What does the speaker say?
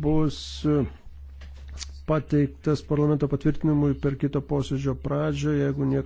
bus pateiktas parlamento patvirtinimui per kito posėdžio pradžią, jeigu niekas